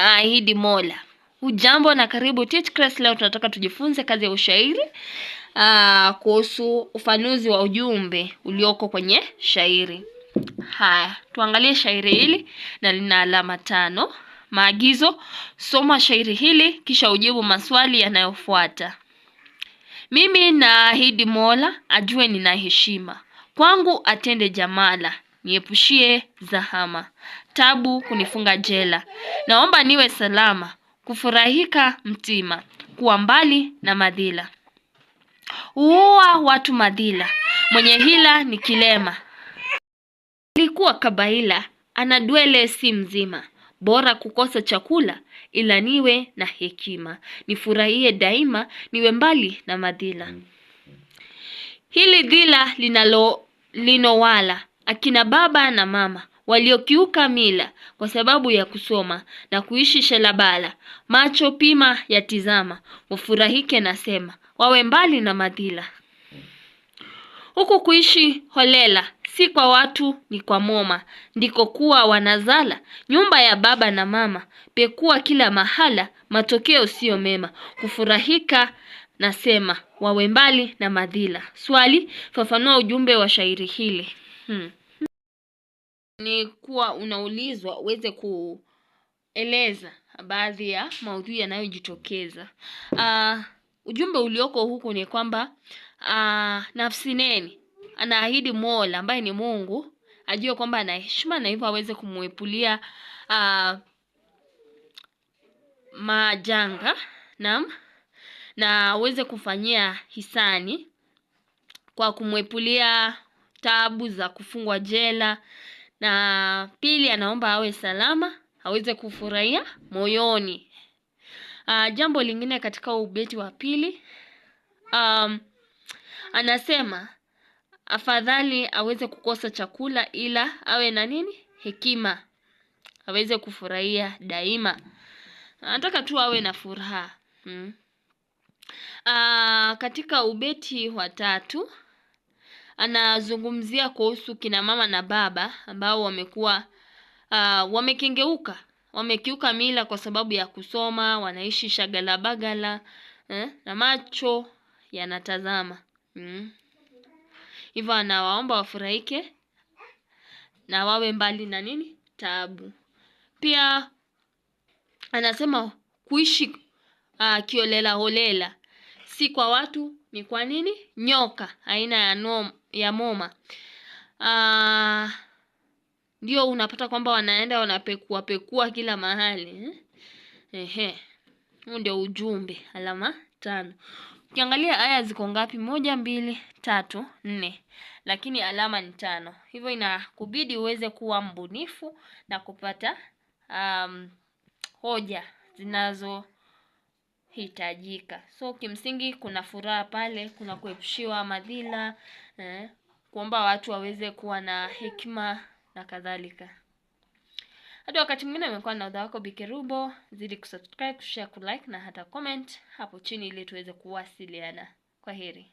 Ahidi Mola. Ujambo na karibu Teach Class. Leo tunataka tujifunze kazi ya ushairi ah, kuhusu ufanuzi wa ujumbe ulioko kwenye shairi. Haya, tuangalie shairi hili na lina alama tano. Maagizo: soma shairi hili kisha ujibu maswali yanayofuata. Mimi naahidi Mola ajue nina heshima, kwangu atende jamala niepushie zahama, tabu kunifunga jela. Naomba niwe salama, kufurahika mtima, kuwa mbali na madhila. uua watu madhila, mwenye hila ni kilema. Alikuwa kabaila, ana dwele si mzima. Bora kukosa chakula ila niwe na hekima, nifurahie daima, niwe mbali na madhila. Hili dhila linalo linowala akina baba na mama waliokiuka mila kwa sababu ya kusoma na kuishi shelabala, macho pima yatizama, wafurahike na sema, wawe mbali na madhila. Huku kuishi holela si kwa watu ni kwa moma, ndiko kuwa wanazala nyumba ya baba na mama, pekua kila mahala, matokeo siyo mema, kufurahika nasema wawe mbali na madhila. Swali, fafanua ujumbe wa shairi hili. Hmm ni kuwa unaulizwa uweze kueleza baadhi ya maudhui yanayojitokeza. Uh, ujumbe ulioko huku ni kwamba uh, ah, nafsineni anaahidi Mola ambaye ni Mungu ajue kwamba ana heshima na hivyo aweze kumwepulia uh, majanga naam, na aweze kufanyia hisani kwa kumwepulia taabu za kufungwa jela na pili, anaomba awe salama, aweze kufurahia moyoni. Uh, jambo lingine katika ubeti wa pili um, anasema afadhali aweze kukosa chakula ila awe na nini, hekima, aweze kufurahia daima. Anataka tu awe na furaha hmm. Uh, katika ubeti wa tatu anazungumzia kuhusu kina mama na baba ambao wamekuwa uh, wamekengeuka wamekiuka mila kwa sababu ya kusoma, wanaishi shagala bagala eh, na macho yanatazama mm. Hivyo anawaomba wafurahike na wawe mbali na nini taabu. Pia anasema kuishi uh, kiolela holela si kwa watu, ni kwa nini nyoka aina ya ya moma uh, ndio unapata kwamba wanaenda wanapekua pekua kila mahali eh? ehe. Huu ndio ujumbe alama tano. Ukiangalia aya ziko ngapi? Moja, mbili, tatu, nne, lakini alama ni tano. Hivyo inakubidi uweze kuwa mbunifu na kupata um, hoja zinazo hitajika so kimsingi kuna furaha pale kuna kuepushiwa madhila eh, kuomba watu waweze kuwa na hekima na kadhalika hadi wakati mwingine amekuwa na udha wako bikerubo zidi kusubscribe kushare kulike na hata comment hapo chini ili tuweze kuwasiliana kwa heri